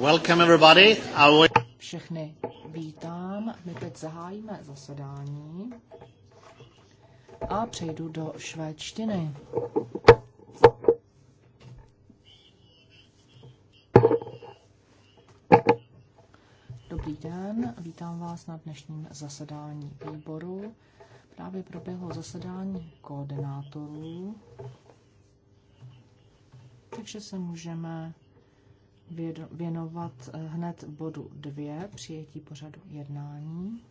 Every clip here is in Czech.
Welcome everybody. Our... Všechny vítám. My teď zahájíme zasedání a přejdu do švédštiny. Dobrý den, vítám vás na dnešním zasedání výboru. Právě proběhlo zasedání koordinátorů, takže se můžeme věnovat eh, hned bodu 2, přijetí pořadu jednání.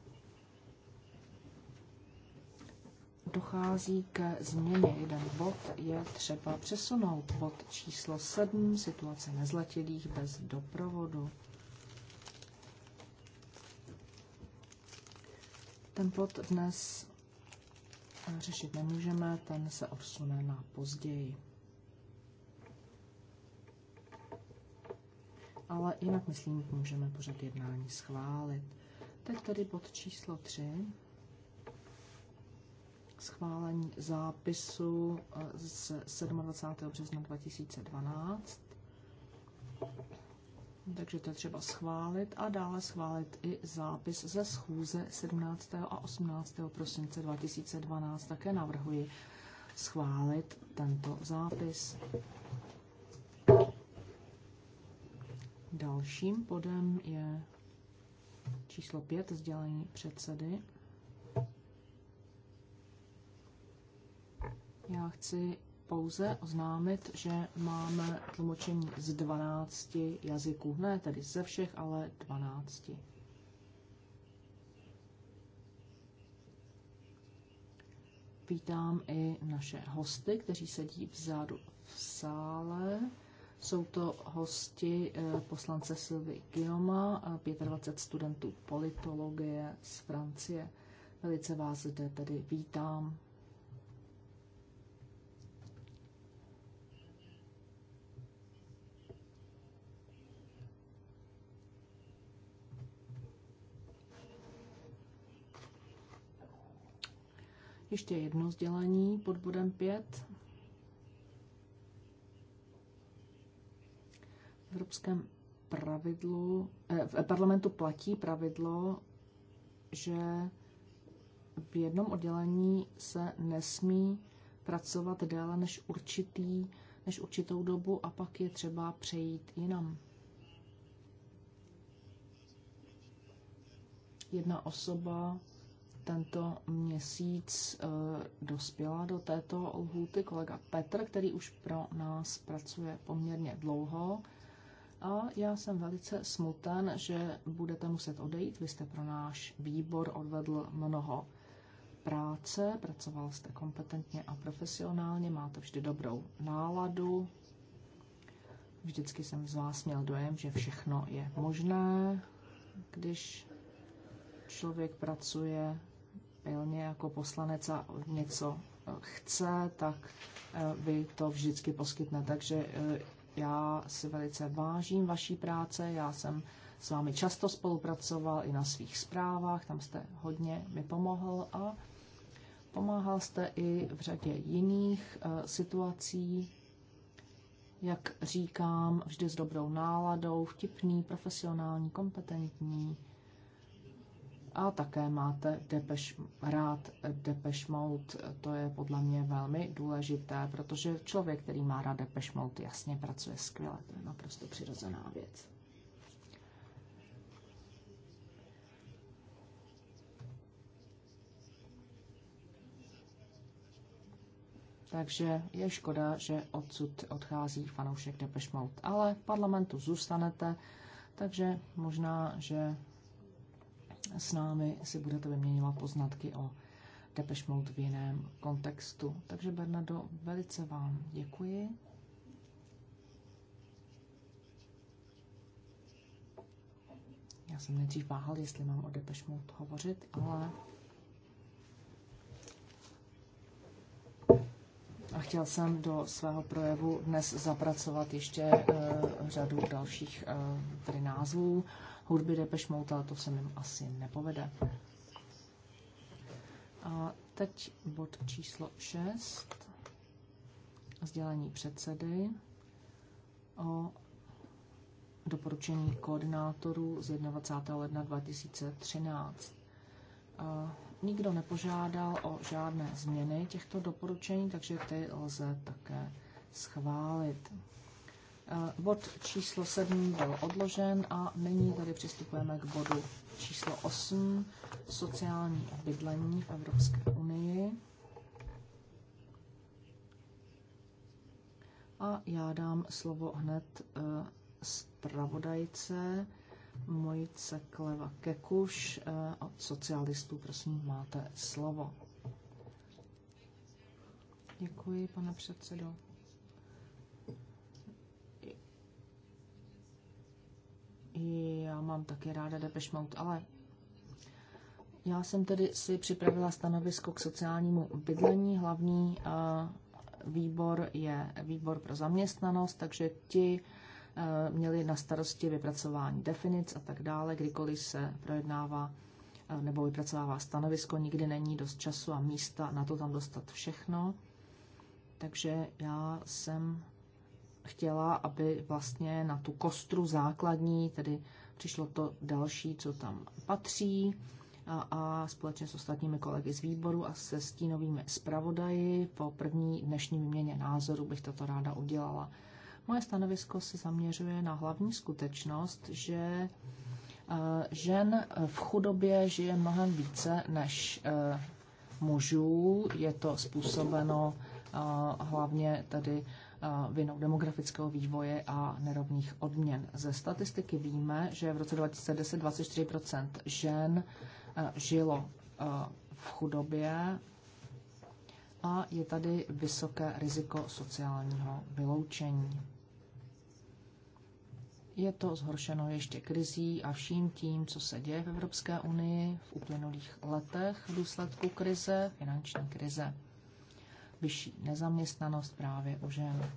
Dochází ke změně. Jeden bod je třeba přesunout. Bod číslo 7, situace nezletilých bez doprovodu. Ten bod dnes eh, řešit nemůžeme, ten se odsune na později. ale jinak myslím, můžeme pořád jednání schválit. Teď tady bod číslo 3. Schválení zápisu eh, z 27. března 2012. Takže to je třeba schválit a dále schválit i zápis ze schůze 17. a 18. prosince 2012. Také navrhuji schválit tento zápis. Dalším bodem je číslo 5, sdělení předsedy. Já chci pouze oznámit, že máme tlumočení z 12 jazyků. Ne tedy ze všech, ale 12. Vítám i naše hosty, kteří sedí vzadu v sále. Jsou to hosti eh, poslance Sylvie Guillaume 25 studentů politologie z Francie. Velice vás zde tedy vítám. Ještě jedno sdělení pod bodem 5. Evropském pravidlu, eh, v parlamentu platí pravidlo, že v jednom oddělení se nesmí pracovat déle než, určitý, než určitou dobu a pak je třeba přejít jinam. Jedna osoba tento měsíc eh, dospěla do této lhůty kolega Petr, který už pro nás pracuje poměrně dlouho a já jsem velice smuten, že budete muset odejít. Vy jste pro náš výbor odvedl mnoho práce, pracoval jste kompetentně a profesionálně, máte vždy dobrou náladu. Vždycky jsem z vás měl dojem, že všechno je možné, když člověk pracuje pilně jako poslanec a něco chce, tak eh, vy to vždycky poskytne. Takže eh, já si velice vážím vaší práce, já jsem s vámi často spolupracoval i na svých zprávách, tam jste hodně mi pomohl a pomáhal jste i v řadě jiných e, situací, jak říkám, vždy s dobrou náladou, vtipný, profesionální, kompetentní, a také máte depeš, rád Depeche Mode. To je podle mě velmi důležité, protože člověk, který má rád Depeche Mode, jasně pracuje skvěle. To je naprosto přirozená věc. takže je škoda, že odsud odchází fanoušek Depeche Mode. Ale v parlamentu zůstanete, takže možná, že s námi si budete vyměňovat poznatky o Depeche Mode v jiném kontextu. Takže Bernardo, velice vám děkuji. Já jsem nejdřív váhal, jestli mám o Depeche Mode hovořit, ale a chtěl jsem do svého projevu dnes zapracovat ještě eh, řadu dalších eh, tedy názvů hudby Depeche Mode, ale to se mi asi nepovede. A teď bod číslo 6, sdělení předsedy o doporučení koordinátorů z 21. ledna 2013. A nikdo nepožádal o žádné změny těchto doporučení, takže ty lze také schválit. Eh, bod číslo 7 byl odložen a nyní tady přistupujeme k bodu číslo 8, sociální bydlení v Evropské unii. A já dám slovo hned eh, zpravodajce. Uh, Mojice Kleva Kekuš eh, od socialistů. Prosím, máte slovo. Děkuji, pane předsedo. Já mám taky ráda depešmout, ale já jsem tedy si připravila stanovisko k sociálnímu bydlení. Hlavní eh, výbor je výbor pro zaměstnanost, takže ti, Eh, měli na starosti vypracování definic a tak dále. Kdykoliv se projednává eh, nebo vypracovává stanovisko, nikdy není dost času a místa na to tam dostat všechno. Takže já jsem chtěla, aby vlastně na tu kostru základní, tedy přišlo to další, co tam patří, a, a společně s ostatními kolegy z výboru a se stínovými zpravodaji po první dnešní výměně názoru bych toto ráda udělala. Moje stanovisko se zaměřuje na hlavní skutečnost, že eh, žen v chudobě žije mnohem více než eh, mužů. Je to způsobeno eh, hlavně tedy vinou demografického vývoje a nerovných odměn. Ze statistiky víme, že v roce 2010 24 žen žilo v chudobě a je tady vysoké riziko sociálního vyloučení. Je to zhoršeno ještě krizí a vším tím, co se děje v Evropské unii v uplynulých letech v důsledku krize, finanční krize. Vyšší nezaměstnanost právě u žen.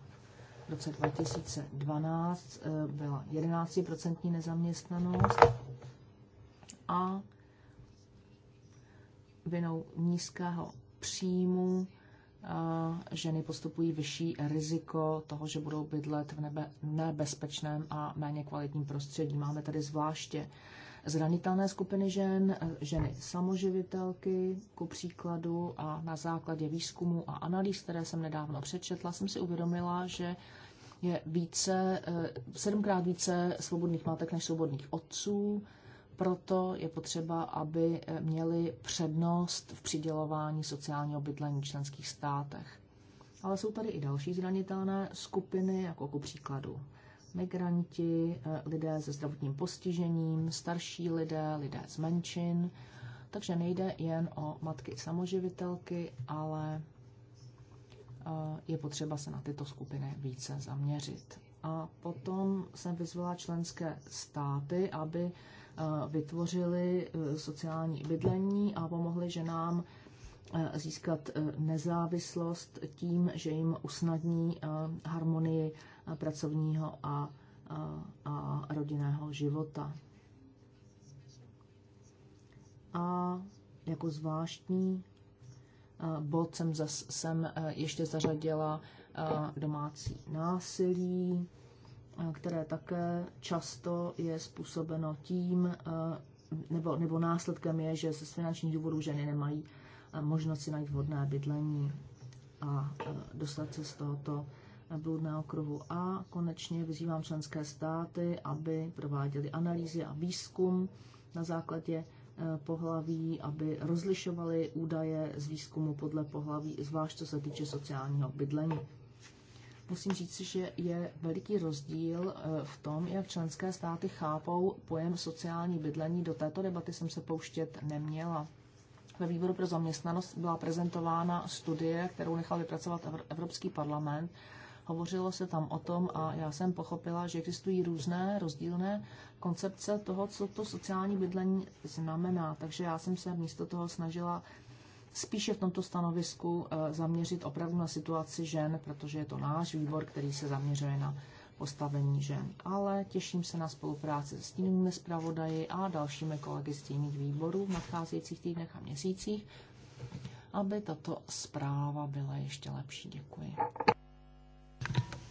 V roce 2012 eh, byla 11% nezaměstnanost a vinou nízkého příjmu ženy postupují vyšší riziko toho, že budou bydlet v nebe, nebezpečném a méně kvalitním prostředí. Máme tady zvláště zranitelné skupiny žen, ženy samoživitelky, ku příkladu, a na základě výzkumu a analýz, které jsem nedávno přečetla, jsem si uvědomila, že je více, eh, sedmkrát více svobodných matek než svobodných otců, proto je potřeba, aby eh, měli přednost v přidělování sociálního bydlení v členských státech. Ale jsou tady i další zranitelné skupiny, jako ku příkladu migranti, eh, lidé se zdravotním postižením, starší lidé, lidé z menšin. Takže nejde jen o matky samoživitelky, ale eh, je potřeba se na tyto skupiny více zaměřit. A potom jsem vyzvala členské státy, aby Eh, vytvořili eh, sociální bydlení a pomohli ženám eh, získat nezávislost tím, že jim usnadní harmonii pracovního a, a, a rodinného života. A jako zvláštní bod jsem, zas, jsem ještě zařadila domácí násilí, které také často je způsobeno tím, eh, nebo, nebo následkem je, že z finančních důvodů ženy nemají eh, možnost si najít vhodné bydlení a eh, dostat se z tohoto bludného kruhu. A konečně vyzývám členské státy, aby prováděly analýzy a výzkum na základě pohlaví, aby rozlišovali údaje z výzkumu podle pohlaví, zvlášť co se týče sociálního bydlení musím říct, že je veliký rozdíl eh, v tom, jak členské státy chápou pojem sociální bydlení. Do této debaty jsem se pouštět neměla. Ve výboru pro zaměstnanost byla prezentována studie, kterou nechal vypracovat Evropský parlament. Hovořilo se tam o tom a já jsem pochopila, že existují různé rozdílné koncepce toho, co to sociální bydlení znamená. Takže já jsem se místo toho snažila spíše v tomto stanovisku eh, zaměřit opravdu na situaci žen, protože je to náš výbor, který se zaměřuje na postavení žen. Ale těším se na spolupráci s stínovými zpravodaji a dalšími kolegy z jiných výborů v nadcházejících týdnech a měsících, aby tato zpráva byla ještě lepší. Děkuji.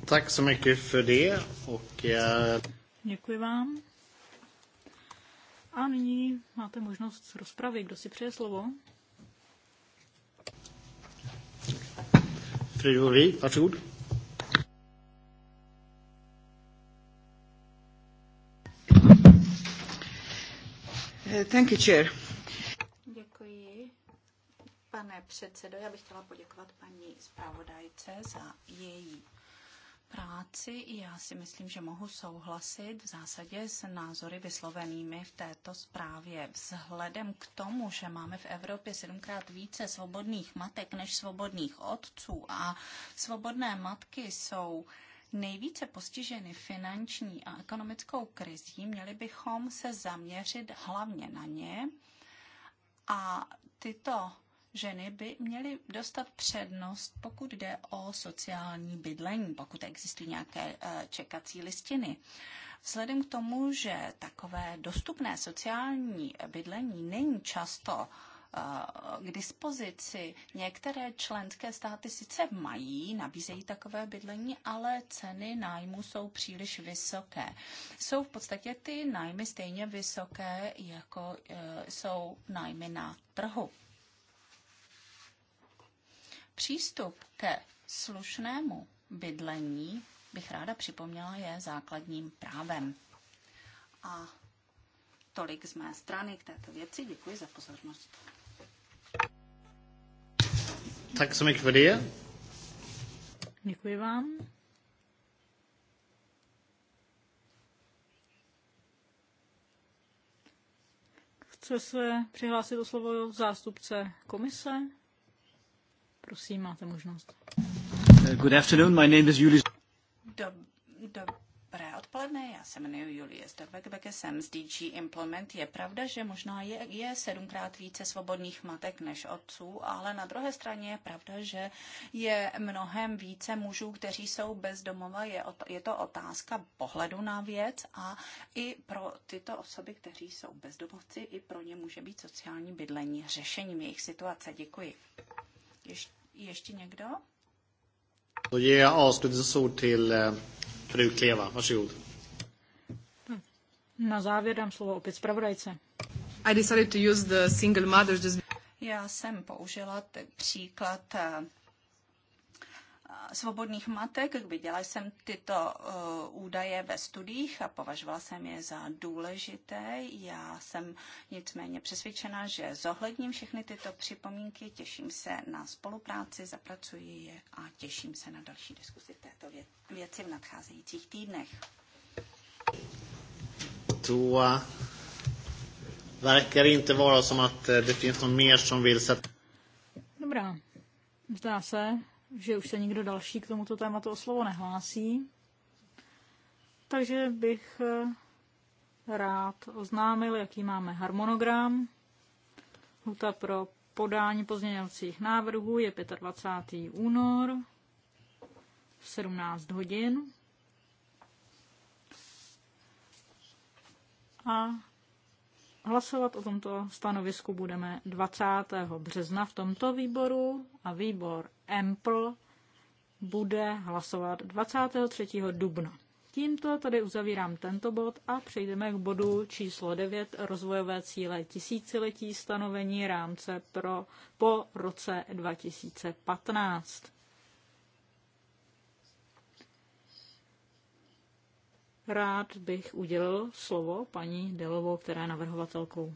Tak så mycket för eh, Děkuji vám. A nyní máte možnost rozpravy. Kdo si přeje slovo? Fru Jory, varsågod. Eh, thank you, Chair. Děkuji, pane předsedo. Já bych chtěla poděkovat paní zpravodajce za její práci. Já si myslím, že mohu souhlasit v zásadě s názory vyslovenými v této zprávě. Vzhledem k tomu, že máme v Evropě sedmkrát více svobodných matek než svobodných otců a svobodné matky jsou nejvíce postiženy finanční a ekonomickou krizí, měli bychom se zaměřit hlavně na ně a tyto ženy by měly dostat přednost, pokud jde o sociální bydlení, pokud existují nějaké eh, čekací listiny. Vzhledem k tomu, že takové dostupné sociální bydlení není často eh, k dispozici. Některé členské státy sice mají, nabízejí takové bydlení, ale ceny nájmu jsou příliš vysoké. Jsou v podstatě ty nájmy stejně vysoké, jako eh, jsou nájmy na trhu. Přístup ke slušnému bydlení, bych ráda připomněla, je základním právem. A tolik z mé strany k této věci. Děkuji za pozornost. Tak se mi för Děkuji vám. Chce se přihlásit o slovo zástupce komise? Prosím, máte možnost. Good afternoon, my name is Julius. Dob, dobré odpoledne, já se jmenuji Julius Dobekbeke, jsem z DG Implement. Je pravda, že možná je, je sedmkrát více svobodných matek než otců, ale na druhé straně je pravda, že je mnohem více mužů, kteří jsou bez domova. Je, je to otázka pohledu na věc a i pro tyto osoby, kteří jsou bezdomovci, i pro ně může být sociální bydlení řešením jejich situace. Děkuji. Ještě ještě někdo? Då ger jag avslutningsord till eh, fru Kleva. Varsågod. Hm. Na závěr dám slovo opět zpravodajce. I decided to use the single mothers. Já jsem použila příklad eh, svobodných matek. Viděla jsem tyto uh, údaje ve studiích a považovala jsem je za důležité. Já jsem nicméně přesvědčena, že zohledním všechny tyto připomínky, těším se na spolupráci, zapracuji je a těším se na další diskusi této věci v nadcházejících týdnech. Tua. Eh, verkar inte vara som att eh, det finns någon mer som vill sätta... Dobrá. Zdá se, že už se nikdo další k tomuto tématu o slovo nehlásí. Takže bych eh, rád oznámil, jaký máme harmonogram. Huta pro podání pozměňovacích návrhů je 25. únor v 17 hodin. A Hlasovat o tomto stanovisku budeme 20. března v tomto výboru a výbor EMPL bude hlasovat 23. dubna. Tímto tedy uzavírám tento bod a přejdeme k bodu číslo 9 rozvojové cíle tisíciletí stanovení rámce pro po roce 2015. Rád bych udělil slovo paní Delovou, která je navrhovatelkou.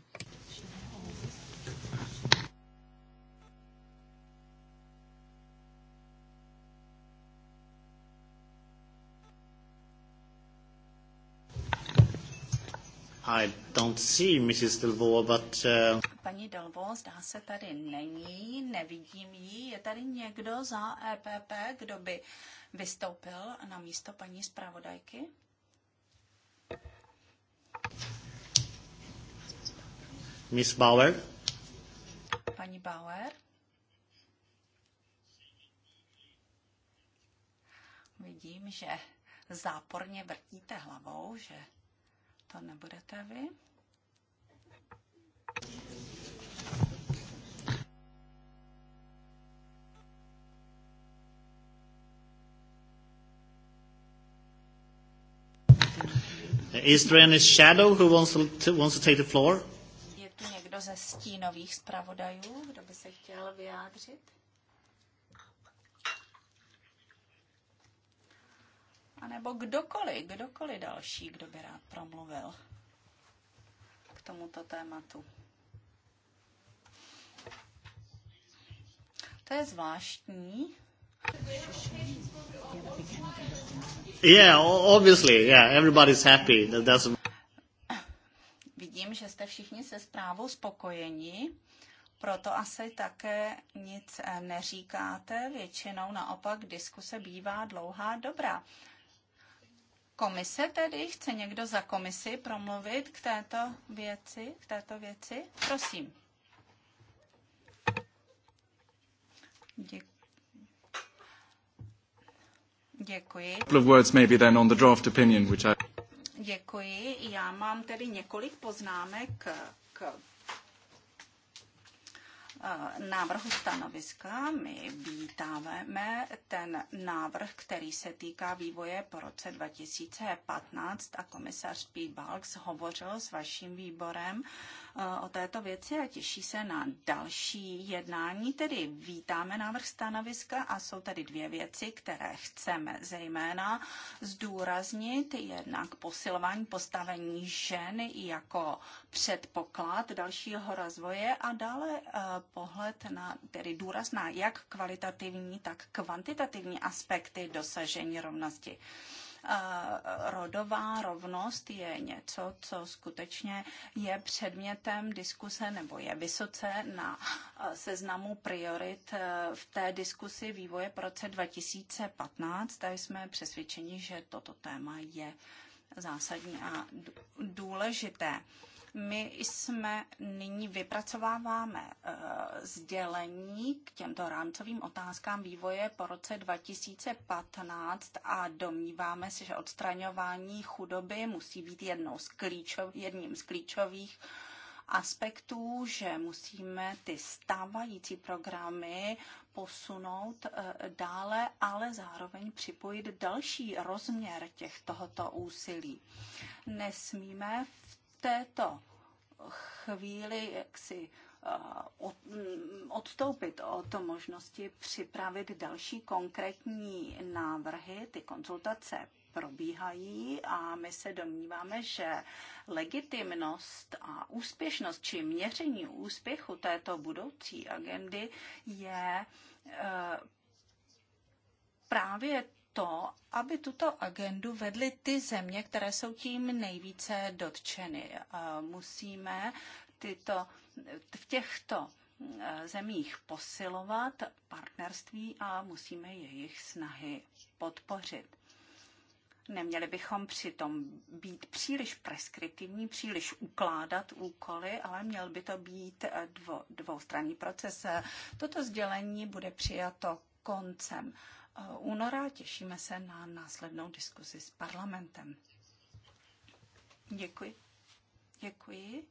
I don't see Mrs. Delvaux, but... Uh... Paní Delvo, zdá se tady není, nevidím ji. Je tady někdo za EPP, kdo by vystoupil na místo paní zpravodajky? Miss Bauer. Bauer. Vidím, že záporně vrtíte hlavou, že to nebudete vy. Is there any shadow who wants to, wants to take the floor? ze stínových zpravodajů, kdo by se chtěl vyjádřit? A nebo kdokoliv, kdokoliv další, kdo by rád promluvil k tomuto tématu. To je zvláštní. Yeah, obviously, yeah, everybody's happy. That that's že jste všichni se zprávou spokojeni, proto asi také nic eh, neříkáte. Většinou naopak diskuse bývá dlouhá dobrá. Komise tedy? Chce někdo za komisi promluvit k této věci? K této věci? Prosím. Děkuji. Děkuji. Couple of words maybe then on the draft opinion, which I... Děkuji. Já mám tedy několik poznámek k eh, návrhu stanoviska. My vítáme ten návrh, který se týká vývoje po roce 2015 a komisař P. Balks hovořil s vaším výborem Eh, o této věci a těší se na další jednání. Tedy vítáme návrh stanoviska a jsou tady dvě věci, které chceme zejména zdůraznit. Jednak posilování postavení žen jako předpoklad dalšího rozvoje a dále eh, pohled na, tedy důraz na jak kvalitativní, tak kvantitativní aspekty dosažení rovnosti. Eh, rodová rovnost je něco, co skutečně je předmětem diskuse nebo je vysoce na eh, seznamu priorit eh, v té diskusi vývoje v roce 2015. Tady jsme přesvědčeni, že toto téma je zásadní a důležité. My jsme nyní vypracováváme eh, sdělení k těmto rámcovým otázkám vývoje po roce 2015 a domníváme se, že odstraňování chudoby musí být jednou z klíčov, jedním z klíčových aspektů, že musíme ty stávající programy posunout eh, dále, ale zároveň připojit další rozměr těch tohoto úsilí. Nesmíme v této chvíli jaksi mm, odstoupit od možnosti připravit další konkrétní návrhy. Ty konzultace probíhají a my se domníváme, že legitimnost a úspěšnost či měření úspěchu této budoucí agendy je e, právě to, aby tuto agendu vedly ty země, které jsou tím nejvíce dotčeny. Musíme tyto, v těchto eh, zemích posilovat partnerství a musíme jejich snahy podpořit. Neměli bychom přitom být příliš preskriptivní, příliš ukládat úkoly, ale měl by to být eh, dvo, dvoustranný proces. Toto sdělení bude přijato koncem února. Těšíme se na následnou diskusi s parlamentem. Děkuji. Děkuji.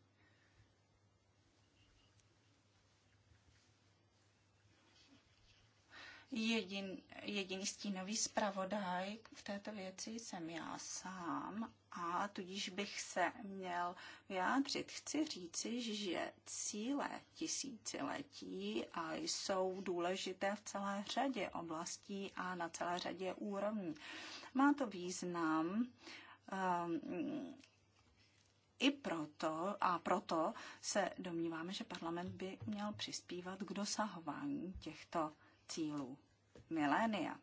Jedin, jediný stínový zpravodaj v této věci jsem já sám a tudíž bych se měl vyjádřit. Chci říci, že cíle tisíciletí jsou důležité v celé řadě oblastí a na celé řadě úrovní. Má to význam um, i proto, a proto se domníváme, že parlament by měl přispívat k dosahování těchto cílů milénia.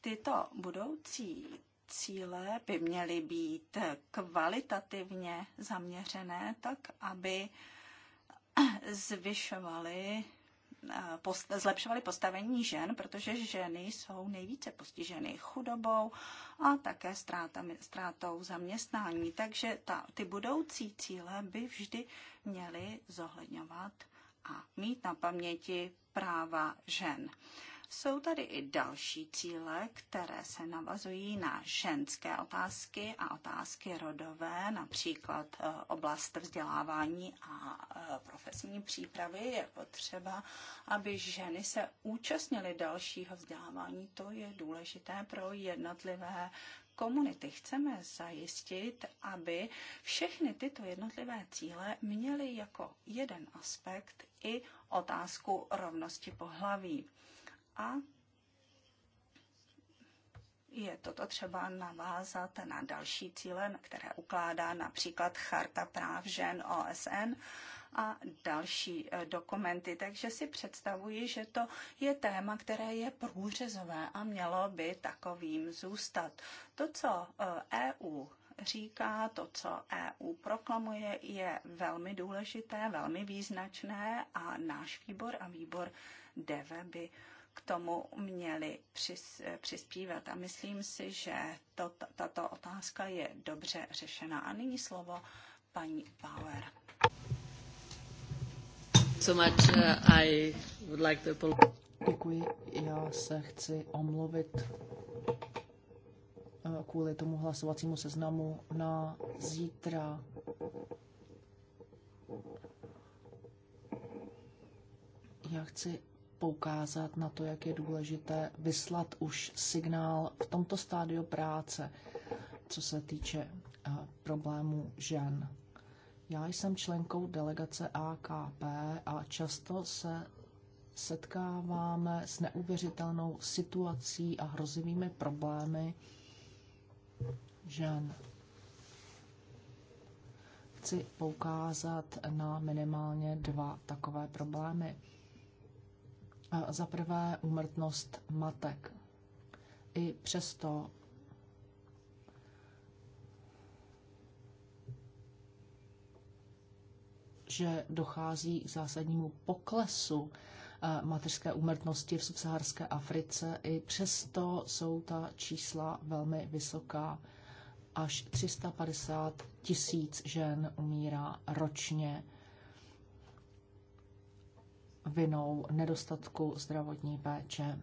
Tyto budoucí cíle by měly být kvalitativně zaměřené tak, aby zvyšovaly zlepšovali postavení žen, protože ženy jsou nejvíce postiženy chudobou a také ztrátami, ztrátou zaměstnání. Takže ta, ty budoucí cíle by vždy měly zohledňovat a mít na paměti práva žen. Jsou tady i další cíle, které se navazují na ženské otázky a otázky rodové, například eh, oblast vzdělávání a eh, profesní přípravy. Je potřeba, aby ženy se účastnily dalšího vzdělávání. To je důležité pro jednotlivé komunity. Chceme zajistit, aby všechny tyto jednotlivé cíle měly jako jeden aspekt i otázku rovnosti pohlaví a je toto třeba navázat na další cíle, na které ukládá například Charta práv žen OSN a další e, dokumenty. Takže si představuji, že to je téma, které je průřezové a mělo by takovým zůstat. To, co EU e říká, to, co EU proklamuje, je velmi důležité, velmi význačné a náš výbor a výbor DEVE by k tomu měli přis, přispívat. A myslím si, že to, tato otázka je dobře řešena. A nyní slovo paní Bauer. So much, uh, I would like to... Děkuji. Já se chci omluvit uh, kvůli tomu hlasovacímu seznamu na zítra. Já chci poukázat na to, jak je důležité vyslat už signál v tomto stádiu práce, co se týče eh, problémů žen. Já jsem členkou delegace AKP a často se setkáváme s neuvěřitelnou situací a hrozivými problémy žen. Chci poukázat na minimálně dva takové problémy. Za prvé umrtnost matek. I přesto že dochází k zásadnímu poklesu eh, mateřské úmrtnosti v subsaharské Africe. I přesto jsou ta čísla velmi vysoká. Až 350 tisíc žen umírá ročně vinou nedostatku zdravotní péče.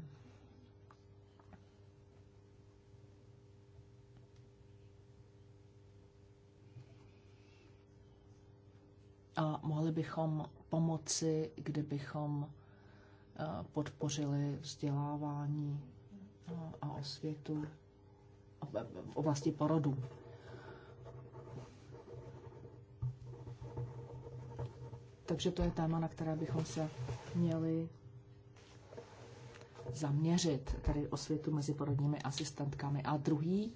A mohli bychom pomoci, kdybychom eh, podpořili vzdělávání eh, a osvětu eh, v oblasti porodu. Takže to je téma, na které bychom se měli zaměřit, tedy osvětu mezi porodními asistentkami. A druhý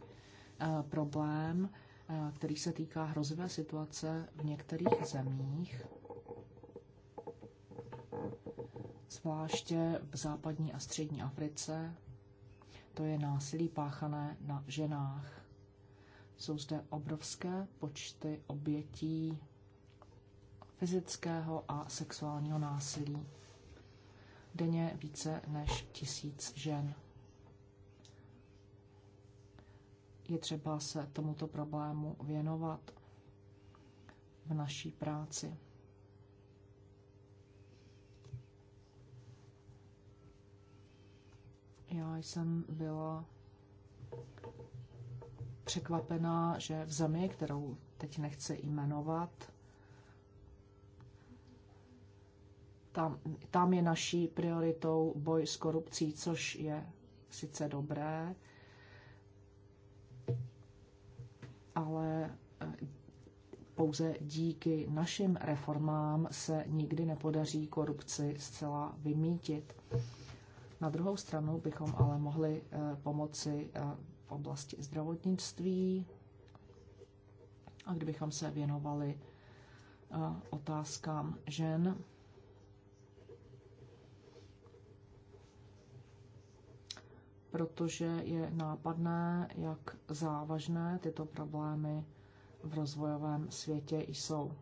e, problém, e, který se týká hrozivé situace v některých zemích, zvláště v západní a střední Africe, to je násilí páchané na ženách. Jsou zde obrovské počty obětí fyzického a sexuálního násilí. Denně více než tisíc žen. Je třeba se tomuto problému věnovat v naší práci. Já jsem byla překvapená, že v zemi, kterou teď nechci jmenovat, Tam, tam je naší prioritou boj s korupcí, což je sice dobré, ale eh, pouze díky našim reformám se nikdy nepodaří korupci zcela vymítit. Na druhou stranu bychom ale mohli eh, pomoci eh, v oblasti zdravotnictví a kdybychom se věnovali otázkám žen, protože je nápadné, jak závažné tyto problémy v rozvojovém světě jsou.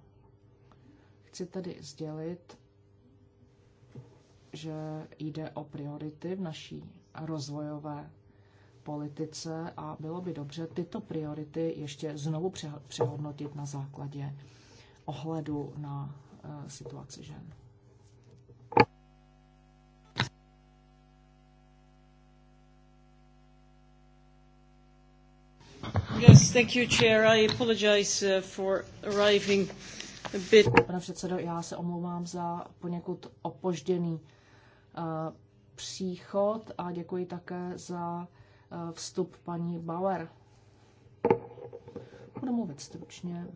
Chci tedy sdělit, že jde o priority v naší rozvojové politice a bylo by dobře tyto priority ještě znovu přehodnotit na základě ohledu na eh, situaci žen. Yes, thank you, Chair. I apologize uh, for arriving a bit. Pane předsedo, já se omlouvám za poněkud opožděný uh, příchod a děkuji také za uh, vstup paní Bauer. Budu mluvit stručně.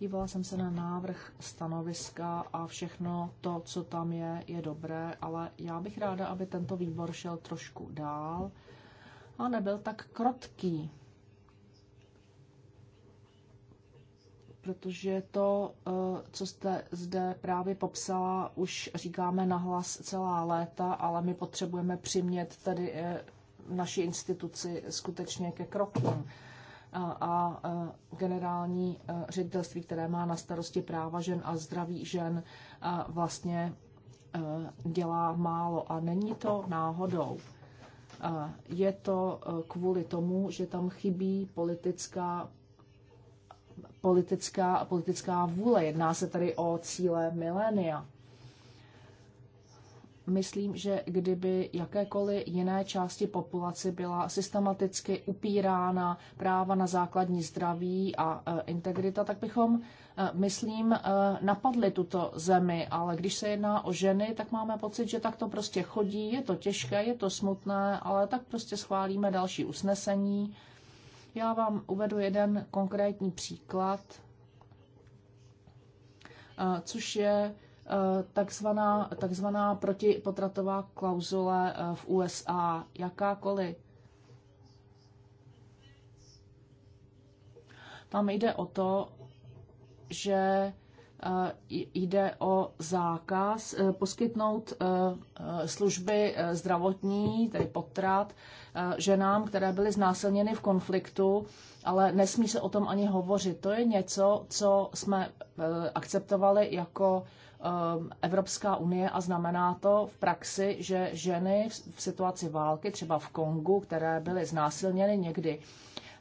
Dívala jsem se na návrh stanoviska a všechno to, co tam je, je dobré, ale já bych ráda, aby tento výbor šel trošku dál a nebyl tak krotký. Protože to, eh, co jste zde právě popsala, už říkáme nahlas celá léta, ale my potřebujeme přimět tedy eh, naši instituci skutečně ke krokům a e, generální e, ředitelství, které má na starosti práva žen a zdraví žen, e, vlastně dělá málo. A není to náhodou. Je to kvůli tomu, že tam chybí politická politická, politická vůle. Jedná se tady o cíle milénia myslím, že kdyby jakékoliv jiné části populace byla systematicky upírána práva na základní zdraví a e, integrita, tak bychom, e, myslím, e, napadli tuto zemi. Ale když se jedná o ženy, tak máme pocit, že tak to prostě chodí, je to těžké, je to smutné, ale tak prostě schválíme další usnesení. Já vám uvedu jeden konkrétní příklad, což je Eh, takzvaná, takzvaná protipotratová klauzule eh, v USA, jakákoliv. Tam jde o to, že eh, jde o zákaz poskytnout služby zdravotní, tedy potrat, ženám, které byly znásilněny v konfliktu, ale nesmí se o tom ani hovořit. To je něco, co jsme akceptovali jako Um, Evropská unie a znamená to v praxi, že ženy v situaci války, třeba v Kongu, které byly znásilněny někdy,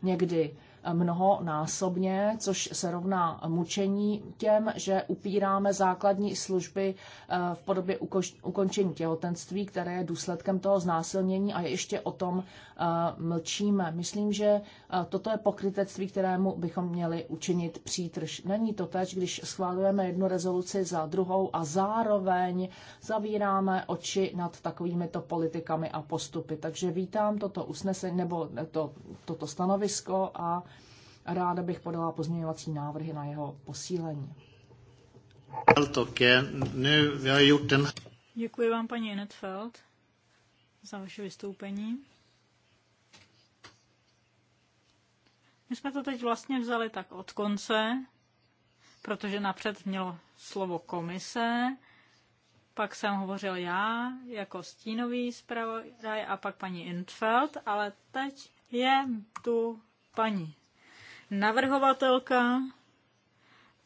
někdy mnoho násobně, což se rovná mučení těm, že upíráme základní služby eh, v podobě ukončení těhotenství, které je důsledkem toho znásilnění a ještě o tom eh, mlčíme. Myslím, že eh, toto je pokrytectví, kterému bychom měli učinit přítrž. Není to teď, když schválujeme jednu rezoluci za druhou a zároveň zavíráme oči nad takovýmito politikami a postupy. Takže vítám toto usnesení nebo to, toto stanovisko a Ráda bych podala pozměňovací návrhy na jeho posílení. Děkuji vám, paní Enetfeld, za vaše vystoupení. My jsme to teď vlastně vzali tak od konce, protože napřed mělo slovo komise, pak jsem hovořil já jako stínový zpravodaj a pak paní Intfeld, ale teď je tu paní navrhovatelka,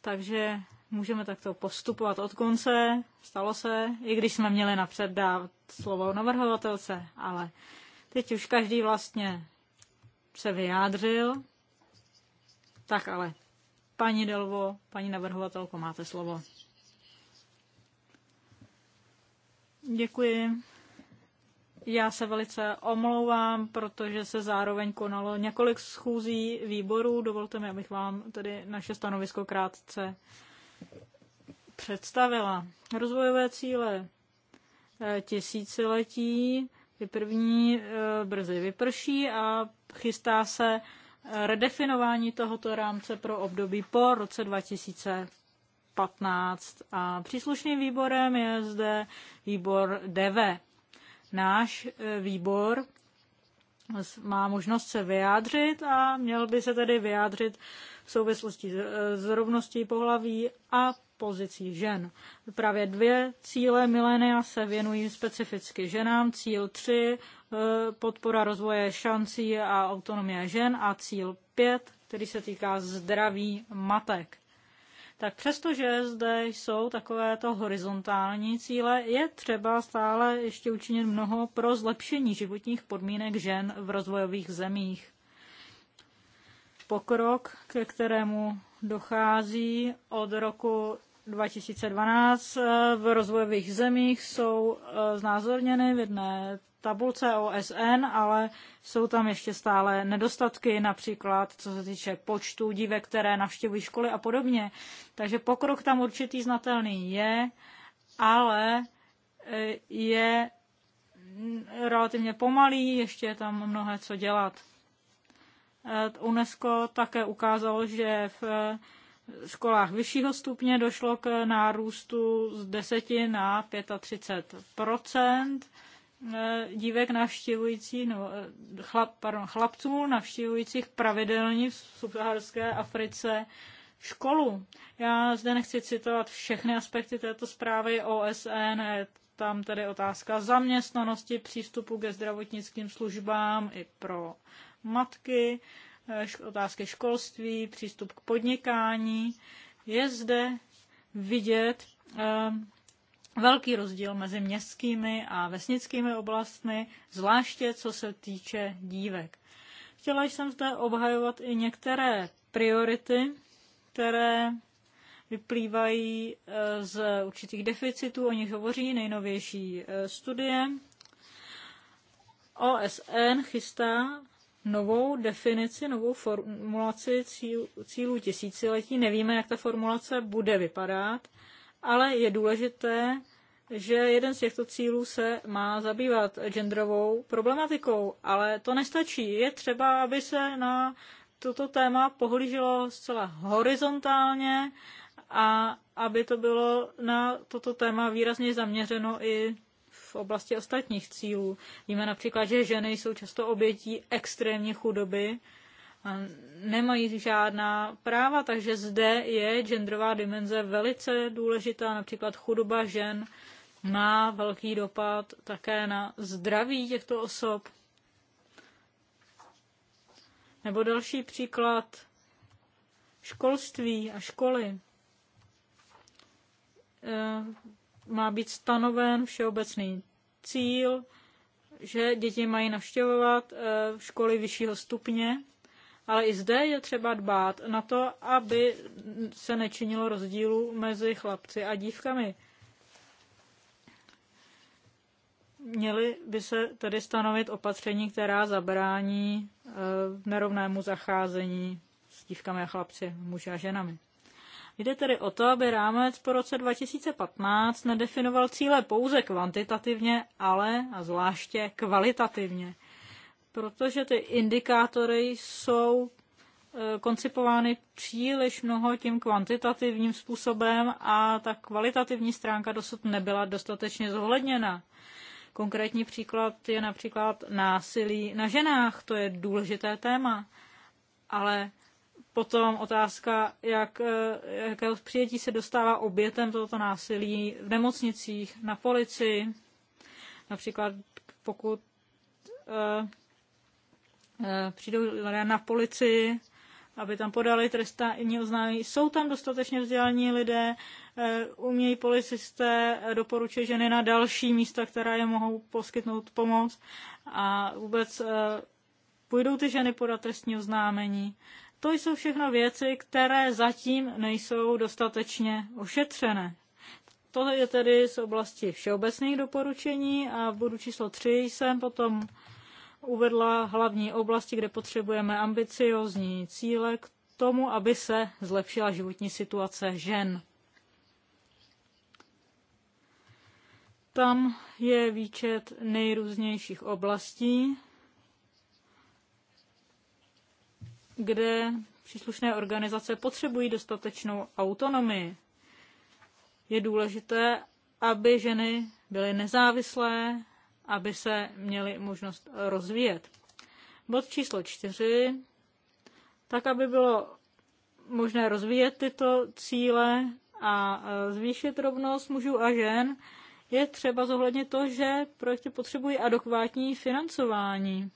takže můžeme takto postupovat od konce. Stalo se, i když jsme měli napřed dát slovo navrhovatelce, ale teď už každý vlastně se vyjádřil. Tak ale, paní Delvo, paní navrhovatelko, máte slovo. Děkuji. Já se velice omlouvám, protože se zároveň konalo několik schůzí výborů. Dovolte mi, abych vám tedy naše stanovisko krátce představila. Rozvojové cíle eh, tisíciletí, ty první eh, brzy vyprší a chystá se redefinování tohoto rámce pro období po roce 2015. A příslušným výborem je zde výbor DV náš eh, výbor má možnost se vyjádřit a měl by se tedy vyjádřit v souvislosti eh, s rovností pohlaví a pozicí žen. Právě dvě cíle milénia se věnují specificky ženám. Cíl 3 eh, podpora rozvoje šancí a autonomie žen a cíl 5, který se týká zdraví matek tak přestože zde jsou takovéto horizontální cíle, je třeba stále ještě učinit mnoho pro zlepšení životních podmínek žen v rozvojových zemích. Pokrok, ke kterému dochází od roku 2012 eh, v rozvojových zemích jsou eh, znázorněny v jedné tabulce OSN, ale jsou tam ještě stále nedostatky, například co se týče počtu dívek, které navštěvují školy a podobně. Takže pokrok tam určitý znatelný je, ale eh, je relativně pomalý, ještě je tam mnohé co dělat. Eh, UNESCO také ukázalo, že v eh, školách vyššího stupně došlo k nárůstu z 10 na 35 E, dívek navštěvující, no, e, chlap, pardon, chlapců navštěvujících pravidelně v subsaharské Africe školu. Já zde nechci citovat všechny aspekty této zprávy OSN, tam tedy otázka zaměstnanosti, přístupu ke zdravotnickým službám i pro matky, e, otázky školství, přístup k podnikání. Je zde vidět velký rozdíl mezi městskými a vesnickými oblastmi, zvláště co se týče dívek. Chtěla jsem zde obhajovat i některé priority, které vyplývají eh, z určitých deficitů, o nich hovoří nejnovější eh, studie. OSN chystá novou definici, novou formulaci cílů tisíciletí. Nevíme, jak ta formulace bude vypadat, ale je důležité, že jeden z těchto cílů se má zabývat genderovou problematikou, ale to nestačí. Je třeba, aby se na toto téma pohlíželo zcela horizontálně a aby to bylo na toto téma výrazně zaměřeno i v oblasti ostatních cílů. Víme například, že ženy jsou často obětí extrémní chudoby nemají žádná práva, takže zde je genderová dimenze velice důležitá. Například chudoba žen má velký dopad také na zdraví těchto osob. Nebo další příklad školství a školy. Eh, má být stanoven všeobecný cíl, že děti mají navštěvovat eh, školy vyššího stupně ale i zde je třeba dbát na to, aby se nečinilo rozdílu mezi chlapci a dívkami. Měly by se tedy stanovit opatření, která zabrání eh, nerovnému zacházení s dívkami a chlapci, muži a ženami. Jde tedy o to, aby rámec po roce 2015 nedefinoval cíle pouze kvantitativně, ale a zvláště kvalitativně protože ty indikátory jsou e, koncipovány příliš mnoho tím kvantitativním způsobem a ta kvalitativní stránka dosud nebyla dostatečně zohledněna. Konkrétní příklad je například násilí na ženách, to je důležité téma, ale potom otázka, jak, e, jaké přijetí se dostává obětem tohoto násilí v nemocnicích, na policii, například pokud e, Eh, přijdou na policii, aby tam podali trestní oznámení. Jsou tam dostatečně vzdělaní lidé, eh, umějí policisté, doporučit ženy na další místa, která je mohou poskytnout pomoc a vůbec eh, půjdou ty ženy podat trestní oznámení. To jsou všechno věci, které zatím nejsou dostatečně ošetřené. To je tedy z oblasti všeobecných doporučení a v bodu číslo 3 jsem potom uvedla hlavní oblasti, kde potřebujeme ambiciozní cíle k tomu, aby se zlepšila životní situace žen. Tam je výčet nejrůznějších oblastí, kde příslušné organizace potřebují dostatečnou autonomii. Je důležité, aby ženy byly nezávislé, aby se měli možnost rozvíjet. Bod číslo čtyři, tak aby bylo možné rozvíjet tyto cíle a e, zvýšit rovnost mužů a žen, je třeba zohlednit to, že projekty potřebují adekvátní financování.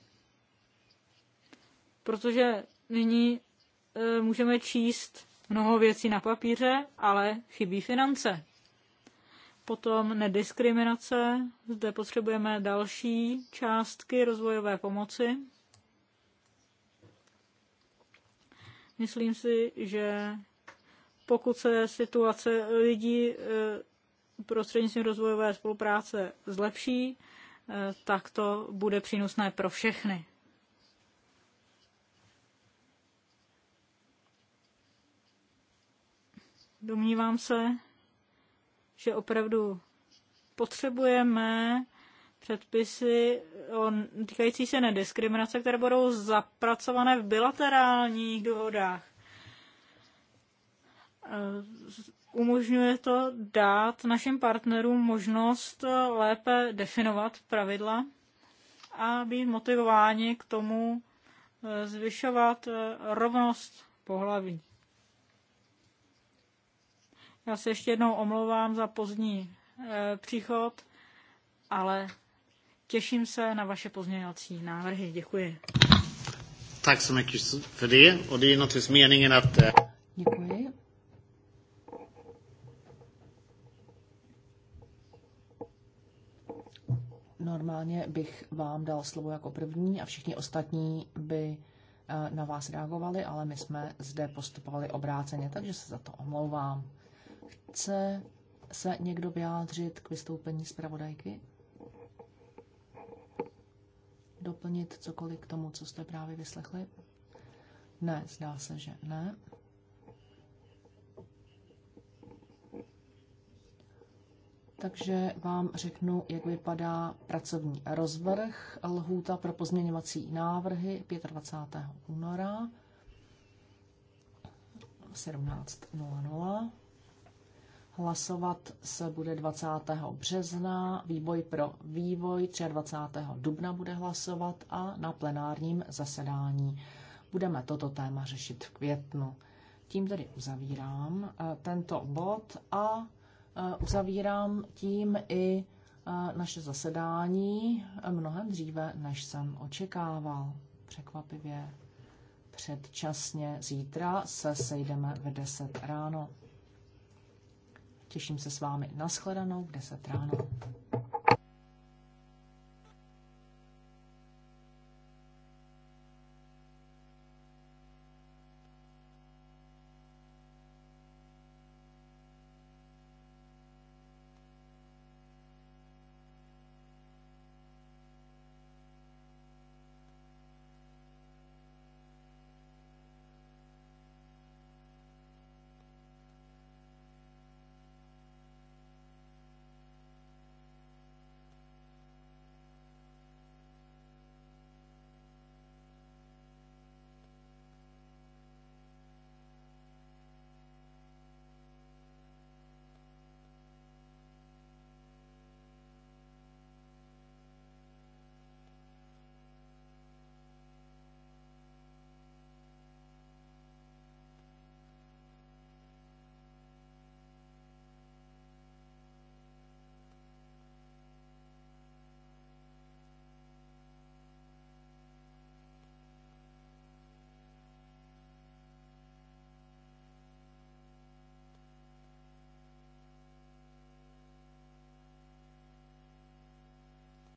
Protože nyní e, můžeme číst mnoho věcí na papíře, ale chybí finance. Potom nediskriminace, zde potřebujeme další částky rozvojové pomoci. Myslím si, že pokud se situace lidí e, prostřednictvím rozvojové spolupráce zlepší, e, tak to bude přínosné pro všechny. Domnívám se, že opravdu potřebujeme předpisy o, týkající se nediskriminace, které budou zapracované v bilaterálních dohodách. Eh, umožňuje to dát našim partnerům možnost lépe definovat pravidla a být motivováni k tomu eh, zvyšovat eh, rovnost pohlaví. Já se ještě jednou omlouvám za pozdní e, příchod, ale těším se na vaše pozměňovací návrhy. Děkuji. Tak se mi för det. Och det na té. Děkuji. Normálně bych vám dal slovo jako první a všichni ostatní by eh, na vás reagovali, ale my jsme zde postupovali obráceně, takže se za to omlouvám. Chce se někdo vyjádřit k vystoupení zpravodajky? Doplnit cokoliv k tomu, co jste právě vyslechli? Ne, zdá se, že ne. Takže vám řeknu, jak vypadá pracovní rozvrh. Lhůta pro pozměňovací návrhy 25. února 17.00. Hlasovat se bude 20. března, výboj pro vývoj 23. dubna bude hlasovat a na plenárním zasedání budeme toto téma řešit v květnu. Tím tedy uzavírám eh, tento bod a eh, uzavírám tím i eh, naše zasedání mnohem dříve, než jsem očekával. Překvapivě předčasně zítra se sejdeme v 10 ráno. Těším se s vámi. Naschledanou v 10 ráno.